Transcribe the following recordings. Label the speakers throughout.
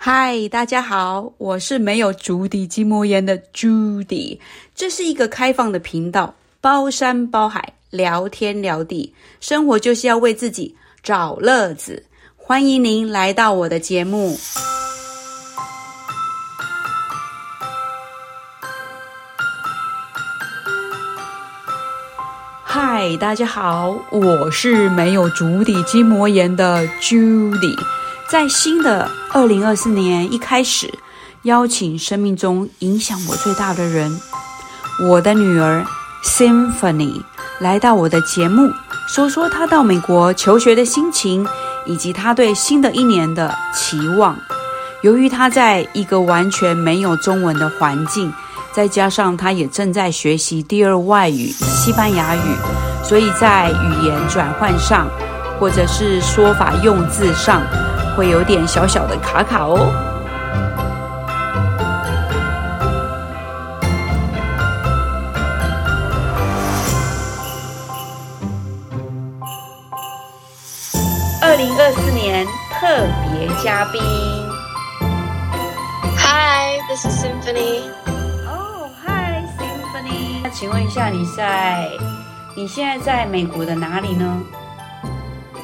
Speaker 1: 嗨，Hi, 大家好，我是沒有足底筋膜炎的 Judy，這是一個開放的頻道，包山包海，聊天聊地，生活就是要為自己找樂子，歡迎您來到我的節目。嗨，大家好，我是沒有足底筋膜炎的 Judy。在新的二零二四年一開始，邀請生命中影響我最大的人，我的女兒 Symphony 來到我的節目，說說她到美國求學的心情，以及她對新的一年的期望。由於她在一個完全沒有中文的環境，再加上她也正在學習第二外語西班牙語，所以在語言轉換上，或者是說法用字上，會有點小小的卡卡哦。二零二四年特別嘉賓。Hi, this is Symphony. Oh, hi, Symphony. 那請問一下你在你現在在美國的哪裡呢？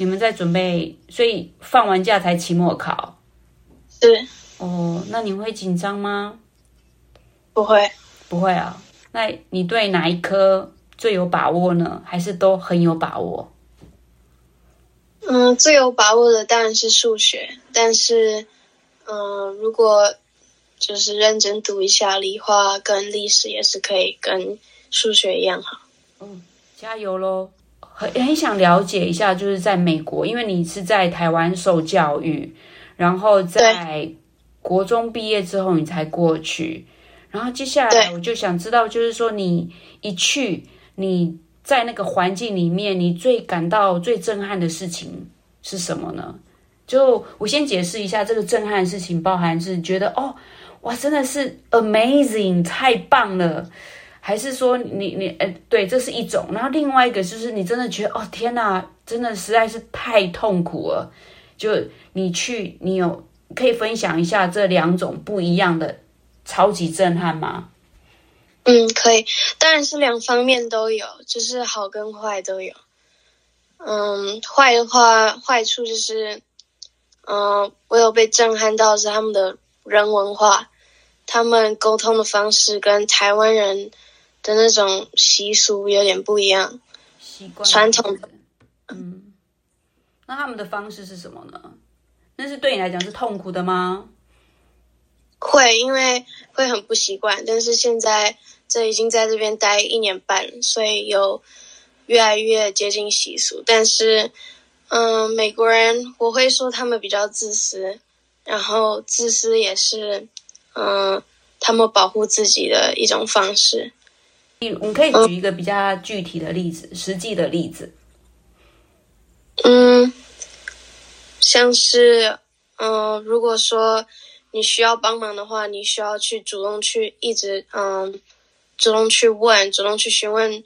Speaker 1: 你們在準備，所以放完假才期末考，是哦。那你會緊張嗎？不會，不會啊。那你對哪一科最有把握呢？還是都很有把握？
Speaker 2: 嗯，最有把握的當然是數學，但是，嗯，如果就是認真讀一下理化跟歷史，也是可以跟數學一樣哈，嗯，加油嘍！
Speaker 1: 很很想了解一下，就是在美國，因為你是在台灣受教育，然後在國中畢業之後你才過去，然後接下來我就想知道，就是說你一去，你在那個環境裡面，你最感到最震撼的事情是什麼呢？就我先解釋一下，這個震撼事情包含是覺得哦，哇，真的是 amazing，太棒了。還是說你你哎、欸、對，這是一種。然後另外一個就是你真的覺得哦天吶，真的實在是太痛苦了。就你去，你有可以分享一下這兩種不一樣的超級震撼嗎？
Speaker 2: 嗯，可以，當然是兩方面都有，就是好跟壞都有。嗯，壞的話壞處就是，嗯，我有被震撼到是他們的人文化，他們溝通的方式跟台灣人。的那種習俗有點不一樣，習
Speaker 1: 慣傳統的，
Speaker 2: 嗯，那他們的方式是什麼呢？
Speaker 1: 那是對你來講是痛苦的嗎？
Speaker 2: 會，因為會很不習慣。但是現在這已經在這邊待一年半，所以有越來越接近習俗。但是，嗯、呃，美國人我會說他們比較自私，然後自私也是，嗯、呃，他們保護自己的一種方式。
Speaker 1: 你你可以舉一個比較具體的例子，uh, 實際的例子。嗯，
Speaker 2: 像是，嗯、呃，如果說你需要幫忙的話，你需要去主動去一直，嗯、呃，主動去問，主動去詢問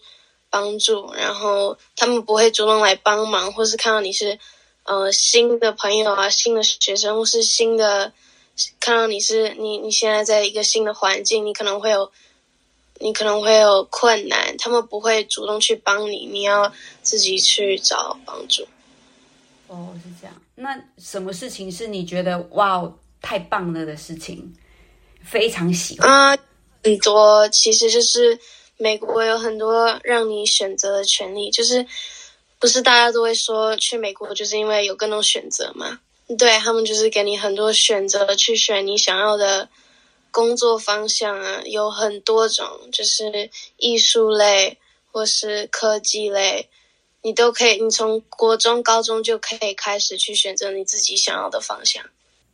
Speaker 2: 幫助，然後他們不會主動來幫忙，或是看到你是，呃，新的朋友啊，新的學生或是新的，看到你是你你現在在一個新的環境，你可能會有。你可能會有困難，他們不會主動去幫你，你要自己去找幫助。哦，
Speaker 1: 是這樣。那什麼事情是你覺得哇太棒了的事情？
Speaker 2: 非常喜歡啊、呃，很多。其實就是美國有很多讓你選擇的權利，就是不是大家都會說去美國就是因為有各種選擇嘛？對，他們就是給你很多選擇去選你想要的。工作方向啊有很多種，就是藝術類或是科技類，你都可以。你從國中、高中就可以開始去選擇你自己想要的方向。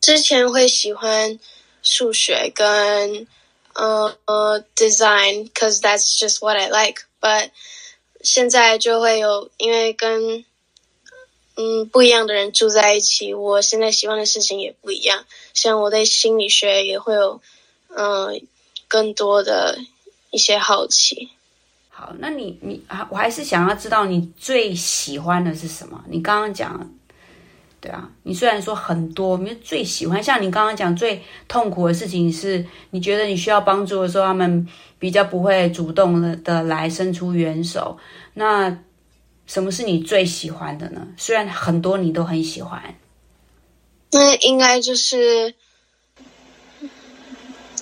Speaker 2: 之前會喜歡數學跟呃呃 design，cause that's just what I like。But 現在就會有，因為跟嗯不一樣的人住在一起，我現在喜歡的事情也不一樣。像我對心理學也會有。嗯，更多的一些好奇。好，那你
Speaker 1: 你還我還是想要知道你最喜歡的是什麼？你剛剛講，對啊，你雖然說很多，沒有最喜歡，像你剛剛講最痛苦的事情是，你覺得你需要幫助的時候，他們比較不會主動的的來伸出援手。那什麼是你最喜歡的呢？雖然很多你都很
Speaker 2: 喜歡，那應該就是。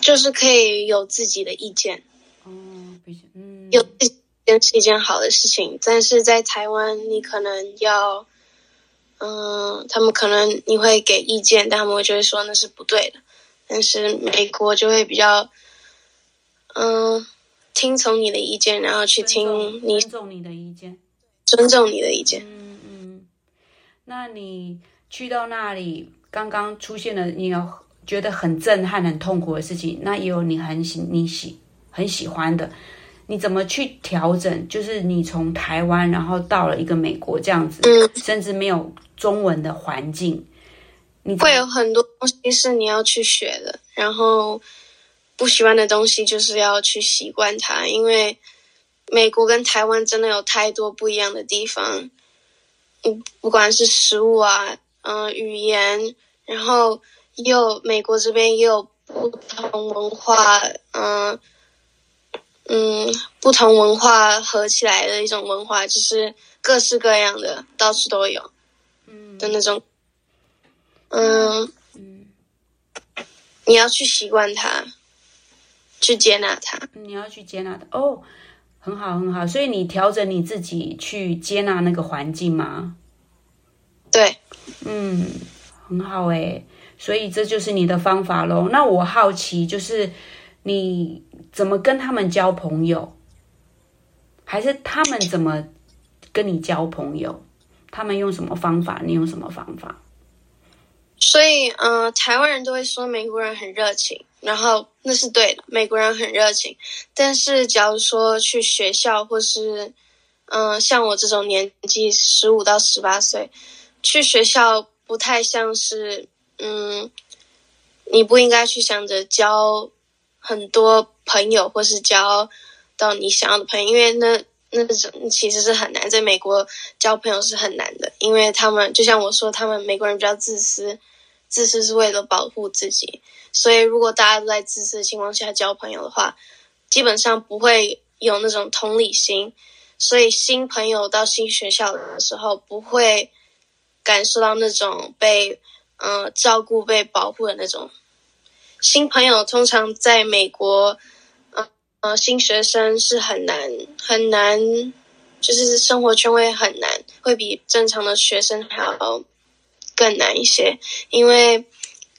Speaker 2: 就是可以有自己的意見，哦、嗯，嗯，有意見是一件好的事情，但是在台灣，你可能要，嗯、呃，他們可能你會給意見，但他們就會覺得說那是不對的，但是美國就會比較，嗯、呃，聽從你的意見，然後去聽你，尊重你的意見，尊重你的意見，嗯嗯，
Speaker 1: 那你去到那裡，剛剛出現的，你要。覺得很震撼，很痛苦的事情，那也有你很喜、你喜很喜歡的。你怎麼去調整？就是你從台灣，然後到了一個美國這樣子，嗯，甚至沒有中文的環境，你會
Speaker 2: 有很多東西是你要去學的。然後不喜歡的東西，就是要去習慣它，因為美國跟台灣真的有太多不一樣的地方。嗯，不管是食物啊，嗯、呃，語言，然後。也有，美國這邊也有不同文化，嗯嗯，不同文化合起來的一種文化，就是各式各樣的，到處都有，的那種，嗯嗯，你要去習慣它，去接納它，你要去接納它。哦，
Speaker 1: 很好，很好。所以你調整你自己去接納那個環境嗎？對，嗯，很好、欸，誒。所以這就是你的方法嘍？那我好奇，就是你怎麼跟他們交朋友，還是他們怎麼跟你交朋友？他們用什麼方法？你用什麼方法？
Speaker 2: 所以，嗯、呃，台灣人都會說美國人很熱情，然後那是對的，美國人很熱情。但是，假如說去學校，或是，嗯、呃，像我這種年紀十五到十八歲，去學校不太像是。嗯，你不應該去想着交很多朋友，或是交到你想要的朋友，因為那那種其實是很難。在美國交朋友是很難的，因為他們就像我說，他們美國人比較自私，自私是為了保護自己。所以，如果大家都在自私的情況下交朋友的話，基本上不會有那種同理心。所以，新朋友到新學校的時候，不會感受到那種被。嗯、呃，照顧被保護的那種新朋友，通常在美國，嗯、呃呃，新學生是很難很難，就是生活圈會很難，會比正常的學生還要更難一些。因為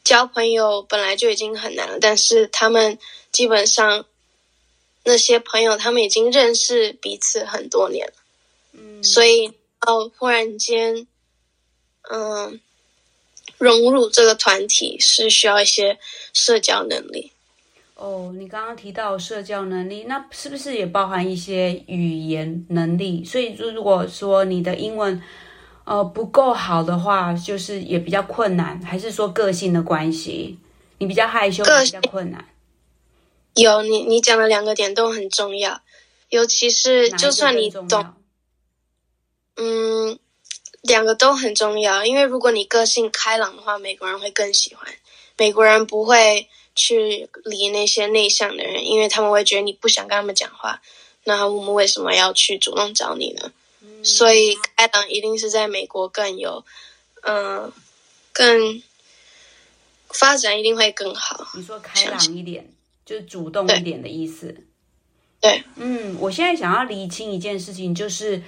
Speaker 2: 交朋友本來就已經很難了，但是他們基本上那些朋友，他們已經認識彼此很多年了，嗯，所以到、呃、忽然間，嗯、呃。融入這個團體是需要一些社交能力。
Speaker 1: 哦，你剛剛提到社交能力，那是不是也包含一些語言能力？所以，如果說你的英文呃不夠好的話，就是也比較困難，還是說個性的關係？你比較害羞，個性，比較困難。
Speaker 2: 有，你你講的兩個點都很重要，尤其是就算你懂，嗯。兩個都很重要，因為如果你個性開朗的話，美國人會更喜歡。美國人不會去理那些內向的人，因為他們會覺得你不想跟他們講話，那我們為什麼要去主動找你呢？嗯、所以開朗一定是在美國更有，嗯、呃，更發展一定會更好。你說開朗一點，相
Speaker 1: 信。就是主動一點的意思。對，嗯，我現在想要理清一件事情，就是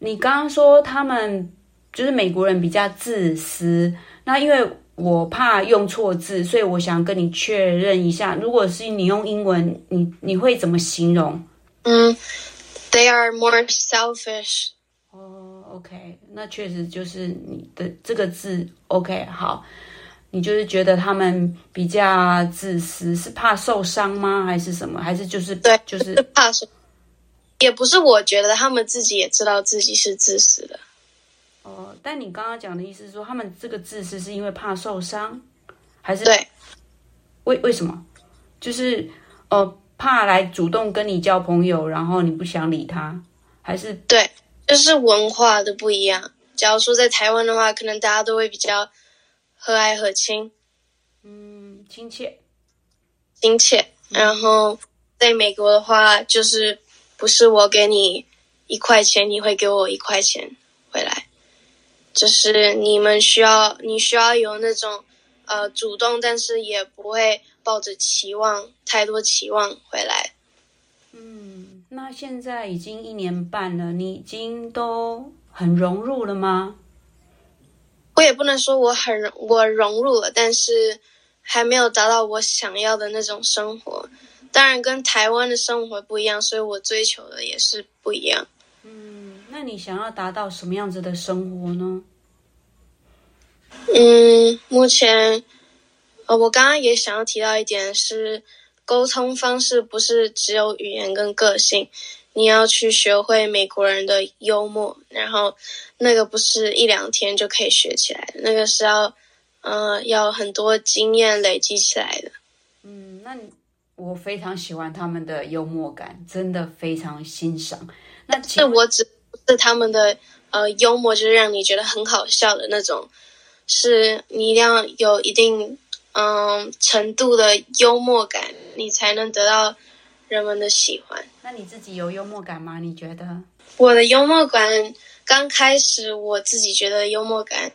Speaker 1: 你剛剛說他們。就是美國人比較自私。那因為我怕用錯字，所以我想跟你確認一下，如果是你用英文，你你會怎麼形容？嗯，mm, They are more selfish. 哦，oh, OK，那確實就是你的這個字。OK，好，你就是覺得他們比較自私，是怕受傷嗎？還是什麼？還是就是對，就是怕受。
Speaker 2: 也不是，我覺得他們自己也知道自己是自私的。哦，但你剛剛講的意思是說，他
Speaker 1: 們這個自私是因為怕受傷，還是對？為為什麼？就是哦、呃，怕來主動跟你交朋友，然後你不想理他，還是
Speaker 2: 對？就是文化的不一樣。假如說在台灣的話，可能大家都會比較和藹可親，嗯，親切親切。然後在美國的話，就是不是我給你一塊錢，你會給我一塊錢回來。就是你們需要，你需要有那種，呃，主動，但是也不會抱着期望，太多期望回來。
Speaker 1: 嗯，那現在已經一年
Speaker 2: 半了，你已經都很融入了嗎？我也不能說我很，我融入了，但是還沒有達到我想要的那種生活。當然，跟台灣的生活不一樣，所以我追求的也是不一樣。
Speaker 1: 那你想要達到什麼樣子的生活呢？嗯，
Speaker 2: 目前，呃，我剛剛也想要提到一點是，溝通方式不是只有語言跟個性，你要去學會美國人的幽默，然後那個不是一兩天就可以學起來的，那個是要，呃，要很多經驗累積起來的。
Speaker 1: 嗯，那我非常喜歡他們的幽默感，真的非常欣賞。
Speaker 2: 那其實我只。是他們的呃，幽默，就是讓你覺得很好笑的那種。是你一定要有一定嗯、呃、程度的幽默感，你才能得到人們的喜歡。
Speaker 1: 那你自己有幽默感嗎？你覺得？
Speaker 2: 我的幽默感剛開始我自己覺得幽默感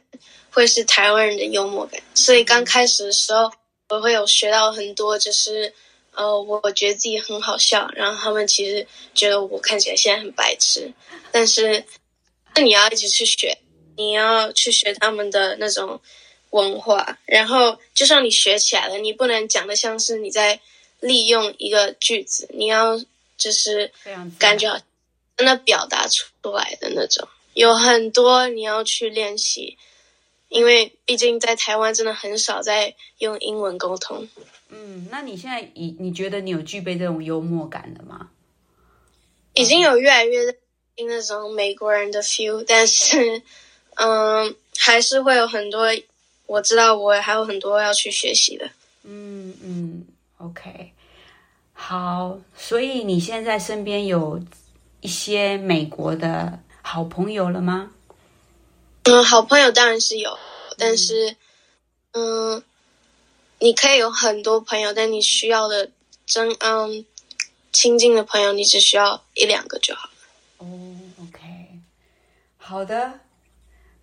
Speaker 2: 會是台灣人的幽默感，所以剛開始的時候我會有學到很多，就是。呃，oh, 我覺得自己很好笑，然後他們其實覺得我看起來現在很白痴，但是，那你要一直去學，你要去學他們的那種文化，然後就算你學起來了，你不能講的像是你在利用一個句子，你要就是感覺好像真的表達出來的那種，有很多你要去練習，因為畢竟在台灣真的很少在用英文溝通。嗯，那你現
Speaker 1: 在你你覺得你有具備這種幽默感的嗎？
Speaker 2: 已經有越來越那種美國人的 feel，但是嗯，還是會有很多，我知道我還有很多要去學習的。嗯
Speaker 1: 嗯，OK，好，所以你現在身邊有一些美國的好朋友了嗎？
Speaker 2: 嗯，好朋友當然是有，但是嗯。嗯你可以有很多朋友，但你需要的真嗯、um, 親近的朋友，你只需要一兩個就好了。哦、
Speaker 1: oh, OK，好的。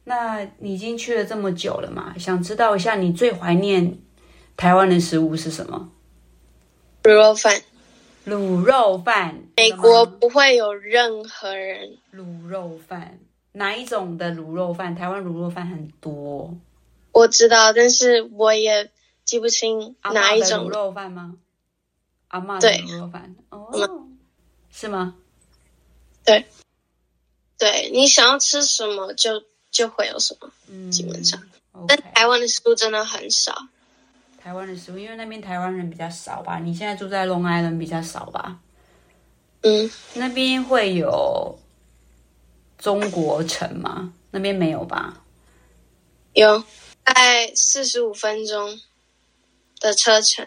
Speaker 1: 那你已經去了這麼久了嘛？想知道一下，你最懷念台灣的食物是什麼？滷肉飯。滷肉飯。美國不會有任何人滷肉飯。哪一種的滷肉飯？台灣滷肉飯很多。
Speaker 2: 我知道，但是我也。記不清哪一種滷肉飯嗎？阿嬤的滷肉飯哦，是嗎？對，對你想要
Speaker 1: 吃什麼就就會有什麼，嗯，基本上。Okay 但台灣的食物真的很少。台灣的食物，因為那邊台灣人比較少吧？你現在住在 Long Island，人比較少吧？嗯，那邊會有中國城嗎？那邊沒有吧？有，大
Speaker 2: 概四十五分鐘。的車程，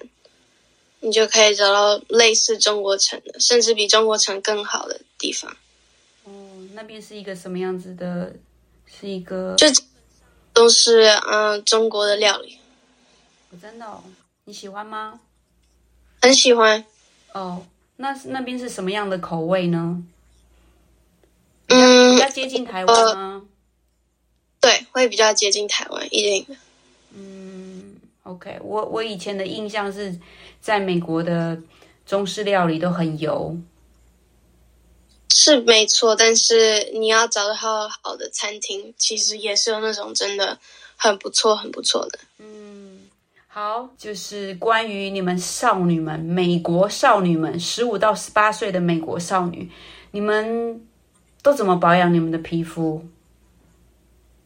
Speaker 2: 你就可以找到類似中國城的，甚至比中國城更好的地方。
Speaker 1: 哦、嗯，那邊是一個什麼樣子的？是一個就
Speaker 2: 都是嗯、呃、中國的料理。哦、真的，哦，你喜歡嗎？
Speaker 1: 很喜歡。哦，那是那邊是什麼樣的口味呢？嗯，比較接近台灣嗎、呃？對，會比較接近台灣，一點。OK，我我以前的印象是，在美國的中式料理都很油，
Speaker 2: 是沒錯。但是你要找到好好的餐廳，其實也是有那種真的很不錯、很不錯的。嗯，
Speaker 1: 好，就是關於你們少女們，美國少女們，十五到十八歲的美國少女，你們都怎麼保養你們的皮膚？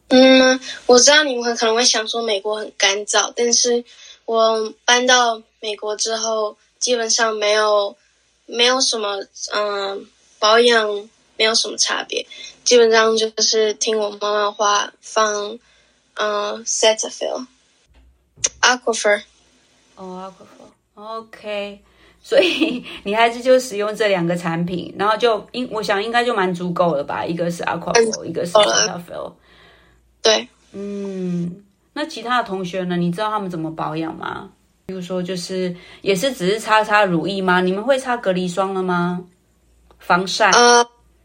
Speaker 2: 嗯，我知道你們可能會想說美國很乾燥，但是我搬到美國之後，基本上沒有，沒有什麼，嗯、呃，保養沒有什麼差別，基本上就是聽我媽媽話，放，嗯、呃，Cetaphil，Aquifer，Aquifer，OK，
Speaker 1: 所以你還是就使用這兩個產品，然後就應我想應該就蠻足夠了吧，一個是 Aquifer，一個是 Cetaphil。對，嗯，那其他的同學呢？你知道他們怎麼保養嗎？比如說，就是也是只是擦擦乳液嗎？你們會擦隔離霜了嗎？防曬？呃，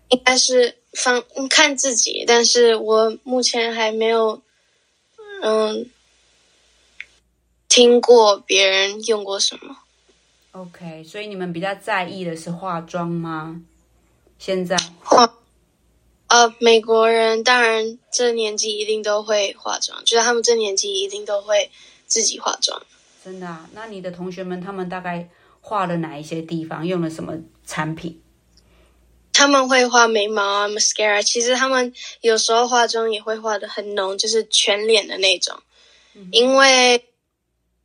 Speaker 1: 應該
Speaker 2: 是防，看自己，但是我目前還沒有，嗯、呃，聽過別人用過什麼。
Speaker 1: OK，所以你們比較在意的是化妝嗎？現在。化
Speaker 2: 呃，uh, 美國人當然這年紀一定都會化妝，就是他們這年紀一定都會自己化妝。
Speaker 1: 真的啊？那你的同學們他們大概畫了哪一些地方？用了什麼產品？
Speaker 2: 他們會畫眉毛啊，mascara。其實他們有時候化妝也會畫得很濃，就是全臉的那種。因為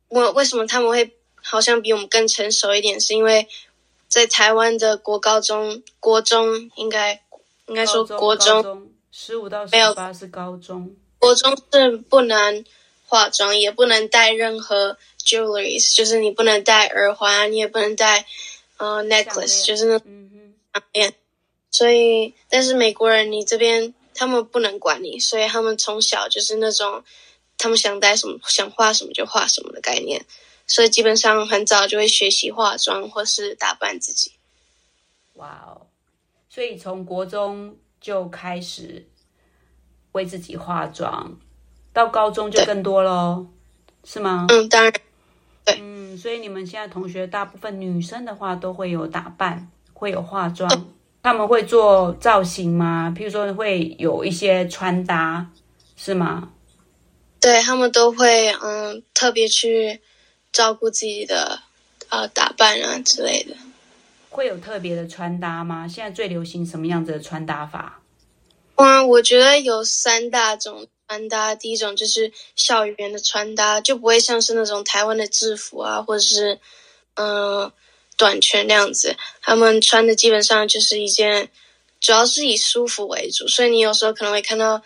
Speaker 2: 我，我為什麼他們會好像比我們更成熟一點？是因為在台灣的國高中、國中應該。應該說國中十五中中
Speaker 1: 到十
Speaker 2: 八是高中。國中是不能化妝，也不能戴任何 jewelry，就是你不能戴耳環，你也不能戴呃、uh, necklace，面就是那種嗯嗯哼，所以但是美國人你這邊他們不能管你，所以他們從小就是那種他們想戴什麼想畫什麼就畫什麼的概念，所以基本上很早就會學習化妝或是打扮自己。
Speaker 1: 哇哦。所以從國中就開始為自己化妝，到高中就更多嘍，對是嗎？嗯，當然。對，嗯，所以你們現在同學大部分女生的話都會有打扮，會有化妝，他、嗯、們會做造型嗎？譬如說會有一些穿搭，是嗎？
Speaker 2: 對，他們都會嗯特別去照顧自己的啊、呃、打扮啊之類的。
Speaker 1: 會有特別的穿搭嗎？現在最流行什麼樣子的穿搭法？
Speaker 2: 哇、嗯，我覺得有三大種穿搭。第一種就是校園的穿搭，就不會像是那種台灣的制服啊，或者是嗯、呃、短裙那樣子。他們穿的基本上就是一件，主要是以舒服為主。所以你有時候可能會看到，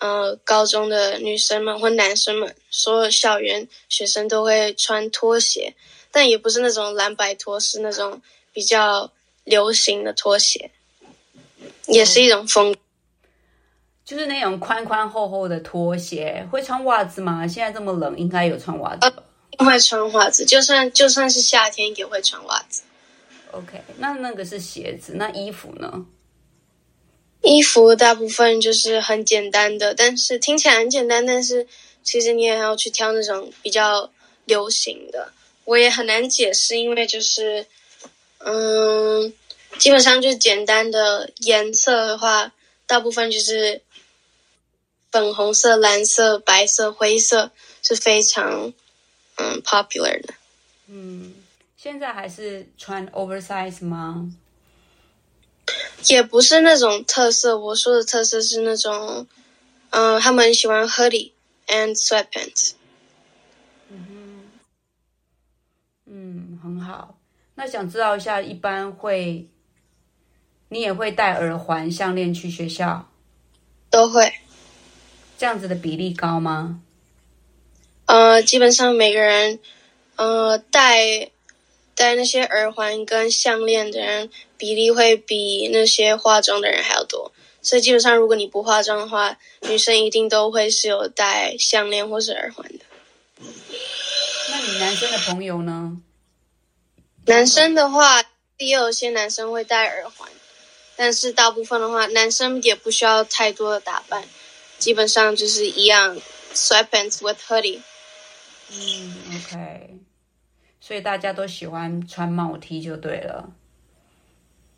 Speaker 2: 呃，高中的女生們或男生們，所有校園學生都會穿拖鞋，但也不是那種藍白拖，是那種。比較流行的拖鞋也是一種
Speaker 1: 風。嗯，就是那種寬寬厚厚的拖鞋。會穿襪子嗎？現在這麼冷，應該有穿襪子。
Speaker 2: 會穿襪子，就算就算是夏天也會穿襪子。OK，那那個是鞋子，那衣服呢？衣服大部分就是很簡單的，但是聽起來很簡單，但是其實你也要去挑那種比較流行的。我也很難解釋，因為就是。嗯，um, 基本上就是簡單的顏色的話，大部分就是粉紅色、藍色、白色、灰色是非常嗯、um, popular 的。嗯，
Speaker 1: 現在還是穿 oversize 嗎？
Speaker 2: 也不是那種特色，我說的特色是那種，嗯，他們喜歡 hoodie and sweatpants。嗯哼，嗯，
Speaker 1: 很好。那想知道一下，一般會，你也會戴耳環、項鏈去學校？都會，這樣子的比例高嗎？
Speaker 2: 呃，基本上每個人，呃，戴戴那些耳環跟項鏈的人比例會比那些化妝的人還要多，所以基本上如果你不化妝的話，女生一定都會是有戴項鏈或是耳環的。
Speaker 1: 那你男生的朋友呢？
Speaker 2: 男生的話，也有些男生會戴耳環，但是大部分的話，男生也不需要太多的打扮，基本上就是一樣 sweatpants with hoodie。嗯
Speaker 1: ，OK，所以大家都喜歡穿帽 T 就對了。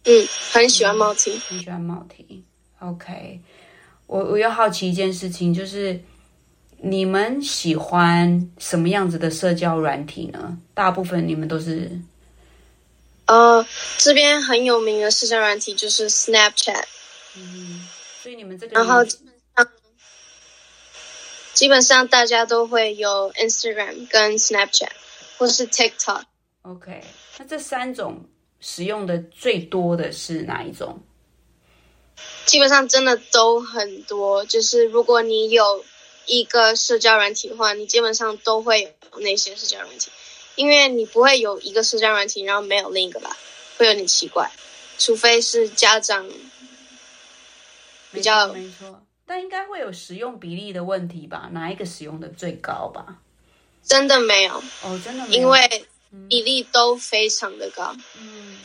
Speaker 1: 嗯，很喜歡帽 T，嗯，很喜歡帽 T。OK，我我又好奇一件事情，就是你們喜歡什麼樣子的社交軟體呢？大部分你們都是。
Speaker 2: 哦，uh, 這邊很有名的社交軟體就是 Snapchat。嗯，所以你們這個，然後基本上，基本上大家都會有 Instagram 跟 Snapchat 或是 TikTok。OK，那
Speaker 1: 這三種使用的最多的是哪一種？
Speaker 2: 基本上真的都很多，就是如果你有一個社交軟體的話，你基本上都會有那些社交軟體。因為你不會有一個社交軟體，然後沒有另一個吧，會有點奇怪，除非是家長
Speaker 1: 比較，沒錯，沒錯，但應該會有使用比例的問題吧？哪一個使用的最高吧？真的沒有哦，真的沒有，
Speaker 2: 因為比例都非常的高。嗯。
Speaker 1: 嗯，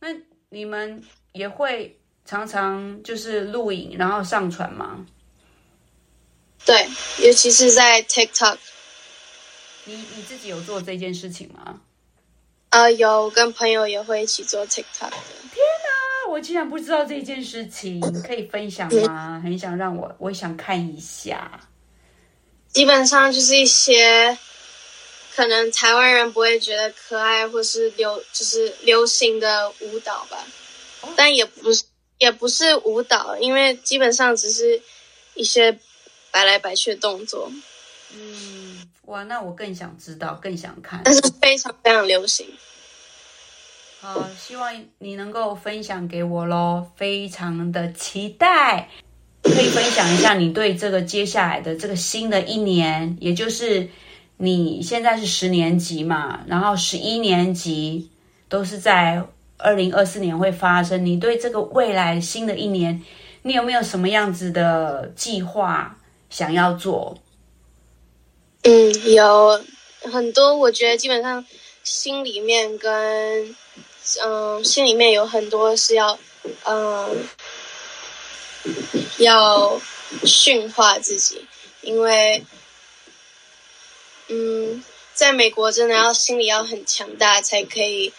Speaker 1: 那你們也會常常就是錄影，然後上傳嗎？
Speaker 2: 對，尤其是在 TikTok。
Speaker 1: 你你自己有做這件事情嗎？
Speaker 2: 啊，uh，有，我跟朋友也會一起做 TikTok 的。天
Speaker 1: 哪，我竟然不知道這件事情，可以分享嗎？很想讓我，我想看一下。
Speaker 2: 基本上就是一些可能台灣人不會覺得可愛或是流，就是流行的舞蹈吧。但也不是，也不是舞蹈，因為基本上只是一些擺來擺去的動作。嗯。
Speaker 1: 哇，那我更想知道，更想看。但是
Speaker 2: 非常非常流行。
Speaker 1: 好，希望你能夠分享給我咯，非常的期待。可以分享一下你對這個接下來的這個新的一年，也就是你現在是十年級嘛，然後十一年級都是在二零二四年會發生，你對這個未來新的一年，你有沒有什麼樣子的計劃想要做？
Speaker 2: 嗯，有很多，我覺得基本上心裡面跟嗯，心裡面有很多是要嗯，要馴化自己，因為嗯，在美國真的要心裡要很強大才可以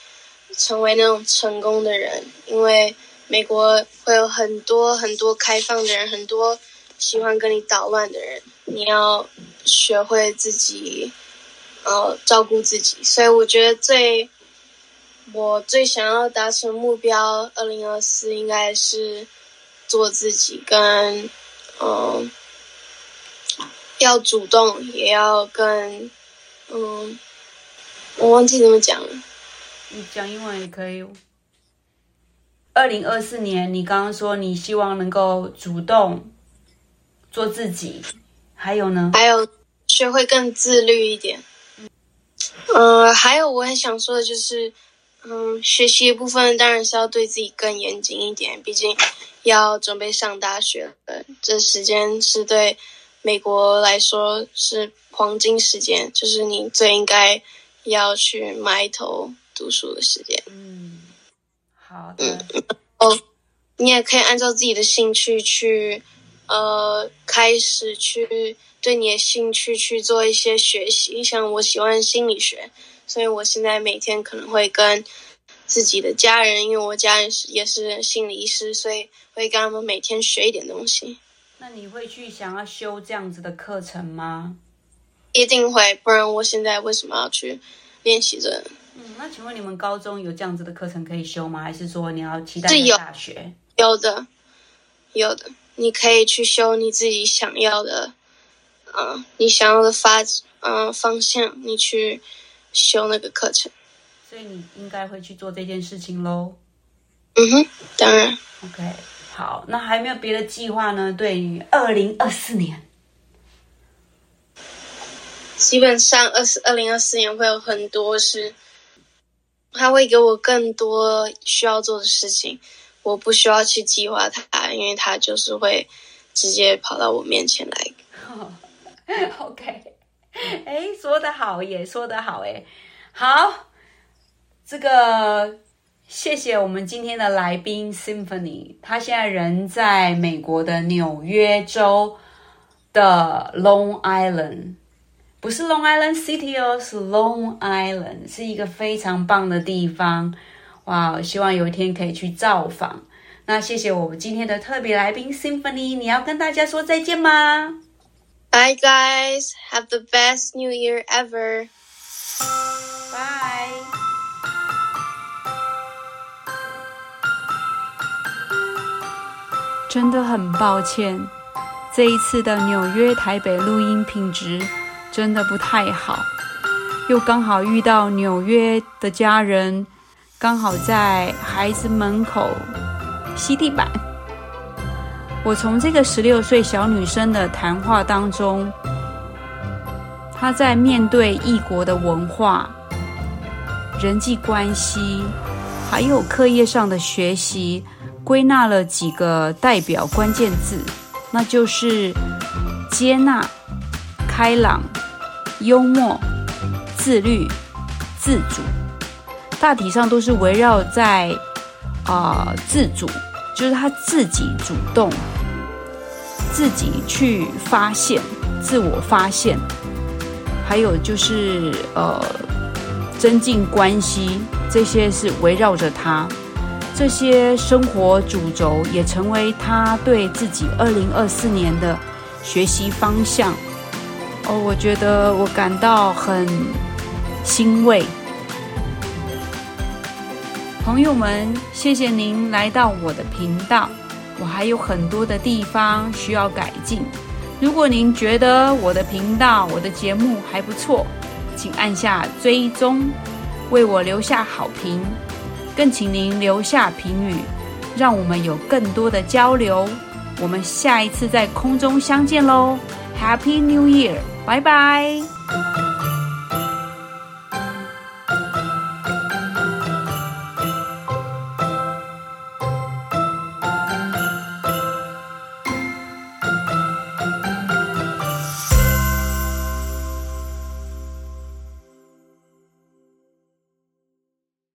Speaker 2: 成為那種成功的人，因為美國會有很多很多開放的人，很多喜歡跟你搗亂的人，你要。學會自己，呃，照顧自己。所以我覺得最，我最想要達成目標，二零二四應該是做自己跟，嗯，要主動，也要跟，嗯，我忘記怎麼講了。你講英文也可以。
Speaker 1: 二零二四年，你剛剛說你希望能夠主動做自己。還有呢？還
Speaker 2: 有，學會更自律一點。嗯，呃，還有，我很想說的就是，嗯，學習一部分當然是要對自己更嚴謹一點，畢竟要準備上大學。嗯，這時間是對美國來說是黃金時間，就是你最應該要去埋頭讀書的時間。嗯，好的。嗯哦，你也可以按照自己的興趣去。呃，開始去對你的興趣去做一些學習，像我喜歡心理學，所以我現在每天可能會跟自己的家人，因為我家人是也是心理醫師，所以會跟他們每天學一點東西。那你會去想要修這樣子的課程嗎？一定會，不然我現在為什麼要去練習着、這個？嗯，那
Speaker 1: 請問你們高中有這樣子的課程可以修嗎？還是說你要期待大學
Speaker 2: 有？有的，有的。你可以去修你自己想要的，啊、呃，你想要的發，嗯、呃，方向，你去修那個課程，所以你應該會去做這件事情嘍。嗯哼，當然。OK，好，那還
Speaker 1: 沒有別的計劃呢？對於二零二四年，
Speaker 2: 基本上二四二零二四年會有很多事，他會給我更多需要做的事情。我不需要去計劃它，因為它就是會直接跑到我面前來。Oh, OK，哎、
Speaker 1: 欸，說得好耶，也說得好，哎，好，這個謝謝我們今天的來賓 Symphony，他現在人在美國的紐約州的 Long Island，不是 Long Island City 哦，是 Long Island，是一個非常棒的地方。哇，wow, 希望有一天可以去造訪。那謝謝我們今天的特別
Speaker 2: 來賓 Symphony，你要跟大家說再見嗎？Bye guys, have the best New Year ever. Bye.
Speaker 1: 真的很抱歉，這一次的紐約台北錄音品質真的不太好，又剛好遇到紐約的家人。剛好在孩子門口吸地板。我從這個十六歲小女生的談話當中，她在面對異國的文化、人際關係，還有課業上的學習，歸納了幾個代表關鍵字，那就是接納、開朗、幽默、自律、自主。大體上都是圍繞在啊、呃、自主，就是他自己主動，自己去發現、自我發現，還有就是呃增進關係，這些是圍繞着他這些生活主軸，也成為他對自己二零二四年的學習方向。哦，我覺得我感到很欣慰。朋友們，謝謝您來到我的頻道。我還有很多的地方需要改進。如果您覺得我的頻道、我的節目還不錯，請按下追蹤，為我留下好評。更請您留下評語，讓我們有更多的交流。我們下一次在空中相見嘍！Happy New Year，拜拜。